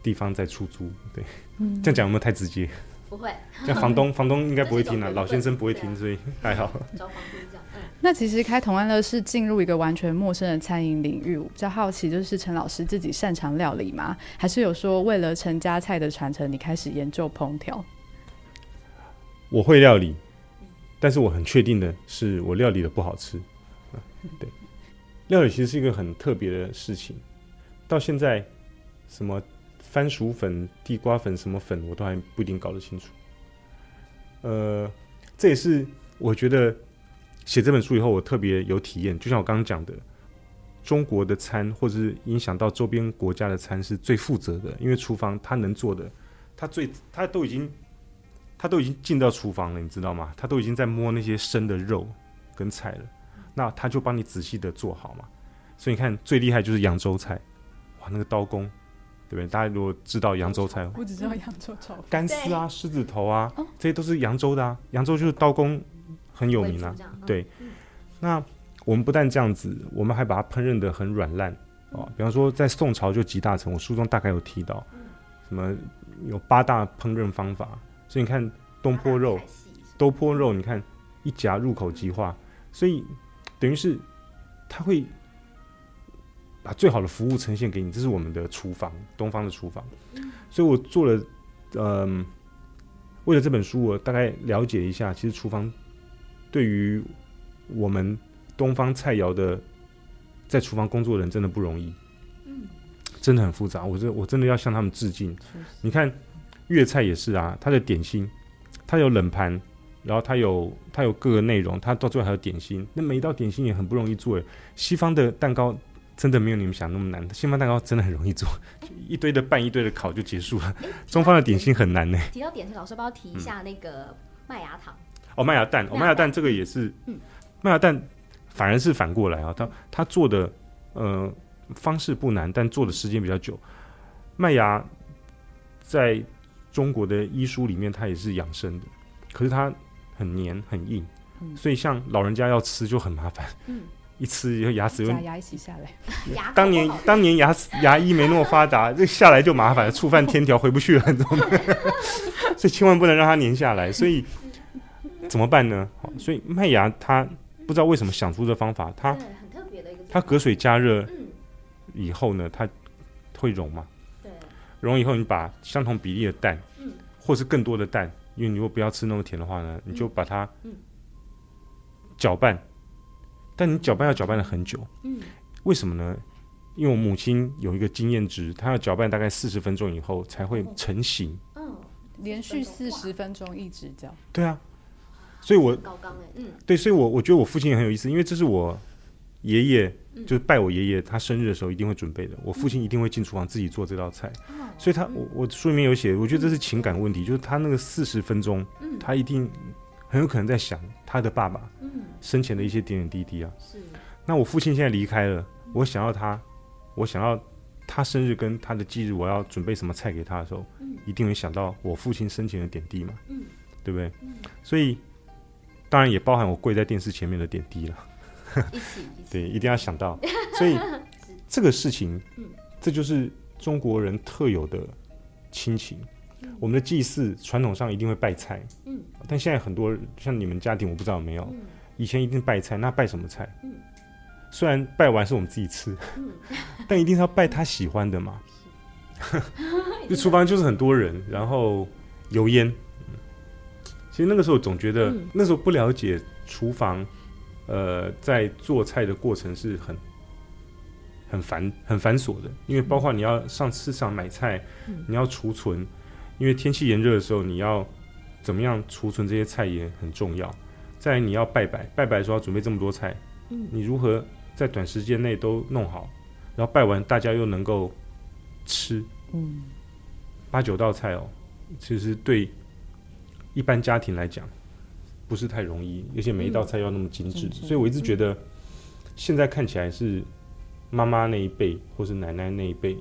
地方在出租。對，嗯，這樣講有沒有太直接？不會，像房東， [laughs] 房東應該不會聽啊？會，老先生不會聽，啊，所以還好，嗯嗯。那其實開同安樂是進入一個完全陌生的餐飲領域，我比較好奇，就是陳老師自己擅長料理嗎？還是有說為了陳家菜的傳承，你開始研究烹調？我會料理，但是我很確定的是，我料理的不好吃。對，料理其實是一個很特別的事情，到現在什麼？番薯粉、地瓜粉什麼粉，我都還不一定搞得清楚。呃，這也是我覺得寫這本書以後，我特別有體驗。就像我剛剛講的，中國的餐或者是影響到周邊國家的餐是最負責的，因為廚房他能做的，他最他都已經他都已經進到廚房了，你知道嗎？他都已經在摸那些生的肉跟菜了，那他就幫你仔細的做好嘛。所以你看，最厲害就是揚州菜，哇，那個刀工！對不對？大家如果知道揚州菜，我只知道揚州炒乾絲啊、獅子頭啊、哦，這些都是揚州的啊。揚州就是刀工很有名啊、嗯。對，那我們不但這樣子，我們還把它烹飪得很軟爛啊。比方說在宋朝就集大成，我書中大概有提到，嗯、什麼有八大烹飪方法。所以你看東坡肉，啊、東坡肉你看一夾入口即化，所以等於是它會。把最好的服務呈現給你，這是我們的廚房，東方的廚房、嗯。所以我做了，嗯、呃，為了這本書，我大概了解一下。其實廚房對於我們東方菜肴的，在廚房工作人真的不容易、嗯，真的很複雜。我真我真的要向他們致敬。是是，你看粵菜也是啊，它的點心，它有冷盤，然後它有它有各個內容，它到最後還有點心。那每一道點心也很不容易做。西方的蛋糕。真的沒有你們想那麼難的，西方蛋糕真的很容易做，一堆的拌一堆的烤就結束了。中方的點心很難呢、欸。提到點心，老師幫我提一下那個麥芽糖？哦，麥芽蛋，哦，麥芽蛋這個也是，嗯，麥芽蛋反而是反過來啊，它它做的呃方式不難，但做的時間比較久。麥芽在中國的醫書裡面它也是養生的，可是它很黏很硬、嗯，所以像老人家要吃就很麻煩。嗯。一吃以後牙，牙牙齒一起下來。當年當年牙齒牙醫沒那麼發達，這 [laughs] 下來就麻煩了，觸犯天條回不去了， [laughs] [laughs] 所以千萬不能讓它粘下來。所以怎麼辦呢？嗯、所以麥芽它不知道為什麼想出這方法，它它隔水加熱，以後呢，它會融嗎？融以後你把相同比例的蛋，嗯、或是更多的蛋，因為你如果不要吃那麼甜的話呢，你就把它，攪拌。嗯嗯但你攪拌要攪拌了很久，嗯，為什麼呢？因為我母親有一個經驗值，她要攪拌大概四十分鐘以後才會成型，嗯。嗯，連續四十分鐘一直這樣。對啊，所以我剛嗯、欸，對，所以我我覺得我父親也很有意思，因為這是我爺爺、嗯，就是拜我爺爺，他生日的時候一定會準備的，我父親一定會進廚房自己做這道菜。嗯、所以他我我書裡面有寫，我覺得這是情感問題，就是他那個四十分鐘，他一定很有可能在想。他的爸爸，嗯，生前的一些點點滴滴啊，是。那我父親現在離開了，我想要他，我想要他生日跟他的忌日，我要準備什麼菜給他的時候、嗯，一定會想到我父親生前的點滴嘛，嗯、對不對、嗯？所以，當然也包含我跪在電視前面的點滴了， [laughs] 一起，對，一定要想到。 [laughs] 所以這個事情、嗯，這就是中國人特有的親情。我們的祭祀傳統上一定會拜菜，嗯、但現在很多像你們家庭我不知道有沒有、嗯，以前一定拜菜，那拜什麼菜？嗯、雖然拜完是我們自己吃，嗯、但一定是要拜他喜歡的嘛。就、嗯、 [laughs] 廚房就是很多人，然後油煙、嗯。其實那個時候總覺得、嗯，那時候不了解廚房，呃，在做菜的過程是很很繁很繁瑣的，因為包括你要上市場買菜，嗯、你要儲存。因為天氣炎熱的時候，你要怎麼樣儲存這些菜也很重要。再來，你要拜拜、拜拜的時候，要準備這麼多菜，嗯、你如何在短時間內都弄好？然後拜完，大家又能夠吃，嗯，八九道菜哦，其實對一般家庭來講不是太容易，而且每一道菜要那麼精致，嗯、所以我一直覺得現在看起來是媽媽那一輩或是奶奶那一輩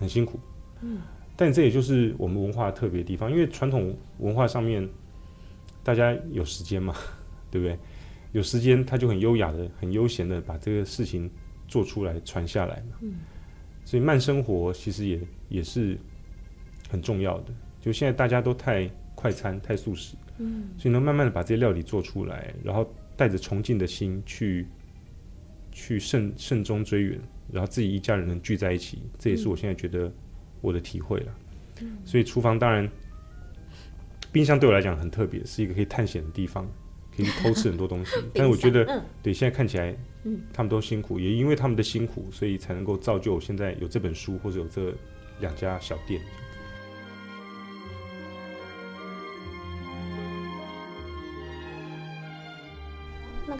很辛苦，嗯。但這也就是我們文化特別的地方，因為傳統文化上面，大家有時間嘛，對不對？有時間他就很優雅的、很悠閒的把這個事情做出來、傳下來嘛、嗯。所以慢生活其實也也是很重要的。就現在大家都太快餐、太速食，嗯，所以能慢慢的把這些料理做出來，然後帶着崇敬的心去去慎慎終追遠，然後自己一家人能聚在一起、嗯，這也是我現在覺得。我的體會了，所以廚房當然，冰箱對我來講很特別，是一個可以探險的地方，可以偷吃很多東西。但是我覺得，對，現在看起來，他們都辛苦，也因為他們的辛苦，所以才能夠造就我現在有這本書或者有這兩家小店。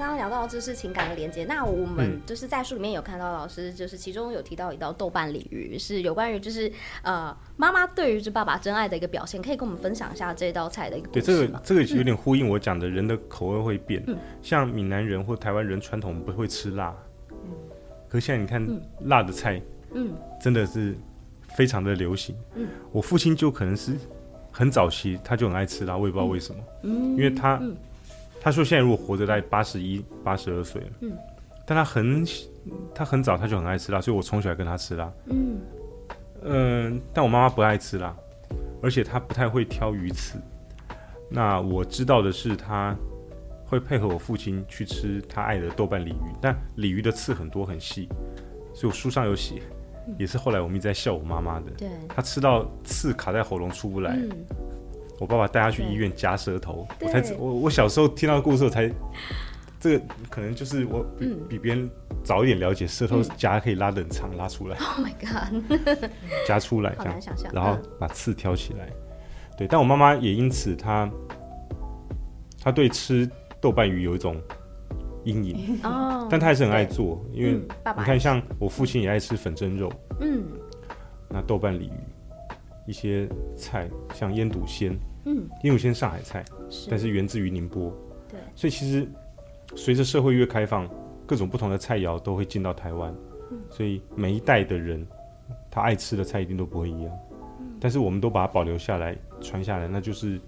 剛剛聊到這是情感的連接，那我們就是在書裡面有看到老師，就是其中有提到一道豆瓣鯉魚，是有關於就是呃媽媽對於這爸爸真愛的一個表現，可以跟我們分享一下這一道菜的一個東西嗎？對，這個這個有點呼應我講的，人的口味會變，嗯，像閩南人或台灣人傳統不會吃辣，嗯，可是現在你看辣的菜，嗯，真的是非常的流行。嗯，嗯，嗯，我父親就可能是很早期他就很愛吃辣，我也不知道為什麼，嗯，嗯，因為他，嗯。他說現在如果活着大概八十一、八十二歲了。但他很，他很早他就很愛吃辣，所以我從小跟他吃辣。嗯。嗯，但我媽媽不愛吃辣，而且她不太會挑魚刺。那我知道的是，他會配合我父親去吃他愛的豆瓣鯉魚，但鯉魚的刺很多很細，所以我書上有寫，也是後來我們一直在笑我媽媽的。對。嗯，她吃到刺卡在喉嚨出不來。嗯嗯我爸爸帶他去醫院夾舌頭，我才我我小時候聽到故事我才，這個可能就是我比、嗯、比別人早一點了解舌頭夾可以拉冷藏，拉出來，Oh my god，夾出來這樣，好難想像，然後把刺挑起來，對，對但我媽媽也因此她，她對吃豆瓣魚有一種陰影，哦、嗯，但她還是很愛做，因為你看像我父親也愛吃粉蒸肉，嗯，那豆瓣鯉魚。一些菜像醃篤鮮，嗯，醃篤鮮上海菜，但是源自於寧波，對。所以其實隨着社會越開放，各種不同的菜肴都會進到台灣，嗯，所以每一代的人他愛吃的菜一定都不會一樣，嗯。但是我們都把它保留下來、傳下來，那就是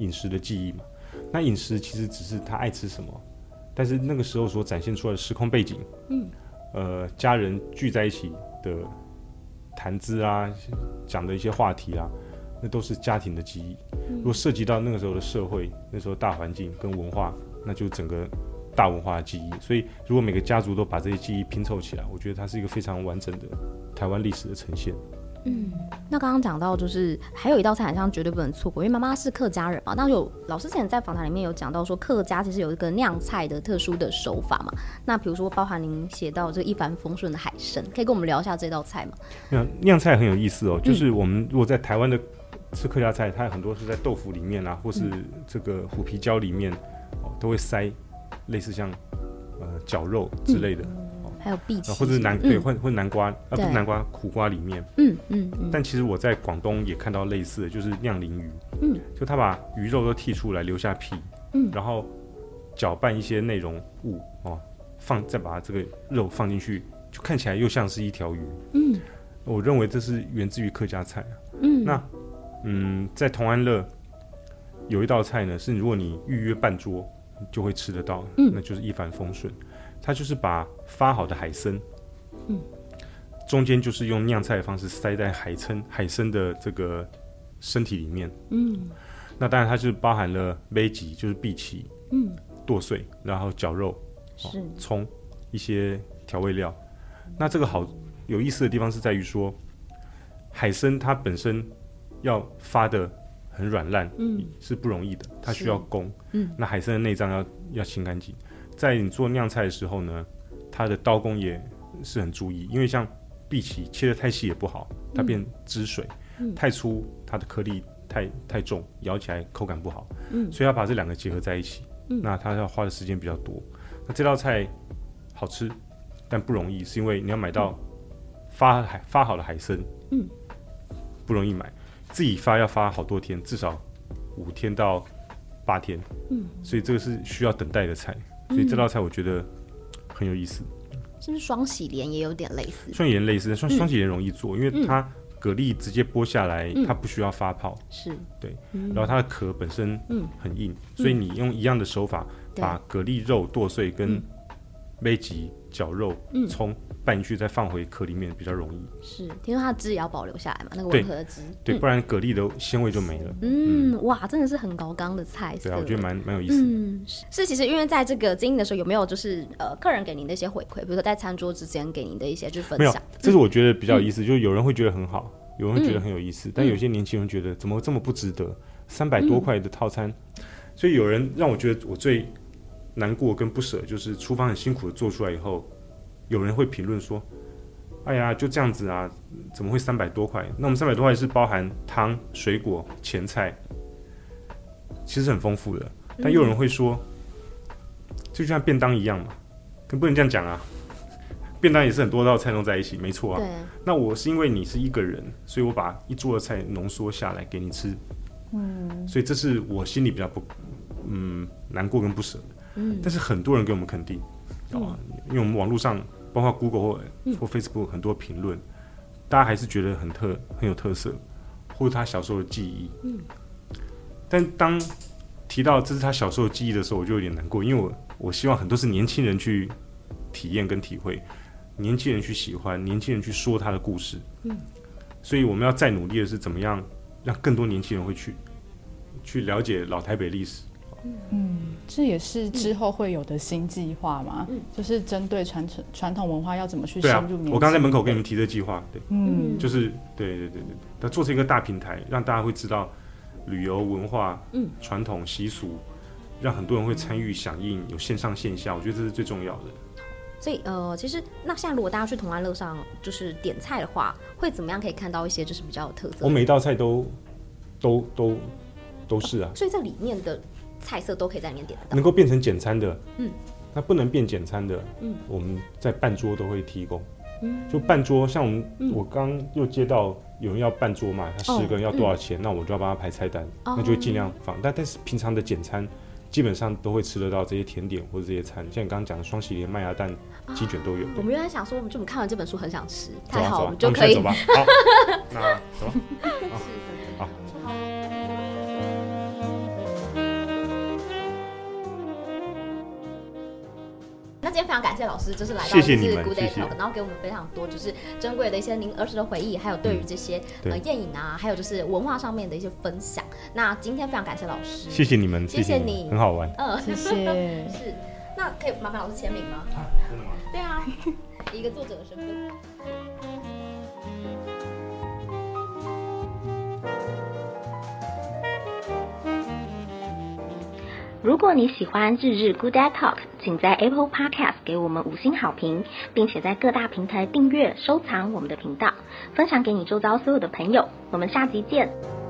飲食的記憶嘛。那飲食其實只是他愛吃什麼，但是那個時候所展現出來的時空背景，嗯，呃，家人聚在一起的。談資啊，講的一些話題啊，那都是家庭的記憶。如果涉及到那個時候的社會，那時候大環境跟文化，那就整個大文化的記憶。所以，如果每個家族都把這些記憶拼湊起來，我覺得它是一個非常完整的台灣歷史的呈現。嗯，那剛剛講到就是還有一道菜，好像絕對不能錯過，因為媽媽是客家人嘛。那有老師之前在訪談裡面有講到說，客家其實有一個釀菜的特殊的手法嘛。那比如說，包含您寫到這個一帆風順的海參，可以跟我們聊一下這道菜嗎？嗯，釀菜很有意思哦，就是我們如果在台灣的吃客家菜，嗯，它很多是在豆腐裡面啊，或是這個虎皮椒裡面，哦，都會塞類似像呃絞肉之類的。嗯還有或者南對，或南、嗯、或南瓜、嗯、啊，不是南瓜，苦瓜裡面。嗯嗯、嗯。但其實我在廣東也看到類似的，的就是釀鯪魚。嗯。就他把魚肉都剔出來，留下皮。嗯。然後攪拌一些內容物哦，放再把這個肉放進去，就看起來又像是一條魚。嗯。我認為這是源自於客家菜、啊、嗯。那嗯，在同安樂有一道菜呢，是如果你預約半桌就會吃得到。嗯。那就是一帆風順。它就是把發好的海參，嗯，中間就是用釀菜的方式塞在海參海參的這個身體裡面，嗯，那當然它就是包含了貝吉，就是荸薺，嗯，剁碎，然後絞肉、哦，是，蔥，一些調味料、嗯。那這個好有意思的地方是在於說，海參它本身要發得很軟爛，嗯，是不容易的，它需要工，嗯，那海參的內臟要要清乾淨。在你做釀菜的時候呢，它的刀工也是很注意，因為像荸薺切得太細也不好，它變汁水，嗯嗯；太粗它的顆粒太太重，咬起來口感不好。嗯、所以要把這兩個結合在一起。嗯、那它要花的時間比較多。那這道菜好吃，但不容易，是因為你要買到發、嗯、發好的海參，嗯。不容易買，自己發要發好多天，至少五天到八天，嗯。所以這個是需要等待的菜。所以這道菜我覺得很有意思，嗯、是不是雙喜連也有點類似？雙喜連類似，雙喜連容易做，嗯，因為它蛤蜊直接剝下來，嗯，它不需要發泡，是對、嗯，然後它的殼本身很硬，嗯，所以你用一樣的手法、嗯、把蛤蜊肉剁碎跟梅絞肉，嗯，蔥拌進去，再放回殼裡面比較容易。是，聽說它的汁也要保留下來嘛？那個溫和的汁，對，對嗯、不然蛤蜊的鮮味就沒了嗯。嗯，哇，真的是很高剛的菜色，對啊，我覺得蠻蠻有意思。嗯，是，是，其實因為在這個經營的時候，有沒有就是呃，客人給您的一些回饋，比如說在餐桌之間給您的一些就是分享？沒有，這是我覺得比較有意思。嗯、就是有人會覺得很好，有人會覺得很有意思，嗯、但有些年輕人覺得怎麼這麼不值得？三百多塊的套餐、嗯，所以有人讓我覺得我最。難過跟不捨，就是廚房很辛苦的做出來以後，有人會評論說：“哎呀，就這樣子啊，怎麼會三百多塊？”那我們三百多塊是包含湯、水果、前菜，其實很豐富的。但又有人會說，嗯，就像便當一樣嘛，可不能這樣講啊！便當也是很多道菜弄在一起，沒錯啊。那我是因為你是一個人，所以我把一桌的菜濃縮下來給你吃，嗯。所以這是我心裡比較不，嗯，難過跟不捨。但是很多人給我們肯定，啊、嗯，因為我們網絡上包括 Google 或 Facebook 很多評論、嗯，大家還是覺得很特很有特色，或者他小時候的記憶、嗯。但當提到這是他小時候的記憶的時候，我就有點難過，因為我我希望很多是年輕人去體驗跟體會，年輕人去喜歡，年輕人去說他的故事、嗯。所以我們要再努力的是怎麼樣讓更多年輕人會去，去了解老台北歷史。嗯，這也是之後會有的新計劃嘛、嗯，就是針對傳承傳統文化要怎麼去深入、對啊。我剛在門口給你們提這計劃，對，對嗯，就是對對對對，它做成一個大平台，讓大家會知道旅遊文化、嗯，傳統習俗，讓很多人會參與響應，有線上線下，我覺得這是最重要的。所以呃，其實那現在如果大家去同安樂上就是點菜的話，會怎麼樣可以看到一些就是比較有特色？我每一道菜都都都都是啊，啊，所以在裡面的。菜色都可以在裡面點得到，能夠變成簡餐的，嗯，那不能變簡餐的，嗯，我們在半桌都會提供，嗯，就半桌，像我們、嗯、我剛又接到有人要半桌嘛，他十個人要多少錢，哦、那我就要幫他排菜單，哦、那就盡量放。嗯、但但是平常的簡餐基本上都會吃得到這些甜點或者這些餐，像你剛剛講的雙喜連、麥芽蛋、雞、哦、卷都有。我們原來想說，我們就看完這本書很想吃，太好，啊啊、我們就可以走吧。好， [laughs] 那、啊、走吧。 [laughs] 好。今天非常感謝老師，就是來到這次 Good Day Talk，謝謝謝謝，然後給我們非常多就是珍貴的一些您兒時的回憶，還有對於這些、嗯、呃宴飲啊，還有就是文化上面的一些分享。那今天非常感謝老師，謝謝你們，謝謝你，謝謝你，很好玩，嗯，謝謝。 [laughs] 是，那可以麻煩老師簽名嗎？、啊、真的嗎？對啊，一個作者的身份。如果你喜歡《日日 Good Day Talk》，請在 Apple Podcast 給我們五星好評，並且在各大平台訂閱、收藏我們的頻道，分享給你周遭所有的朋友。我們下集見。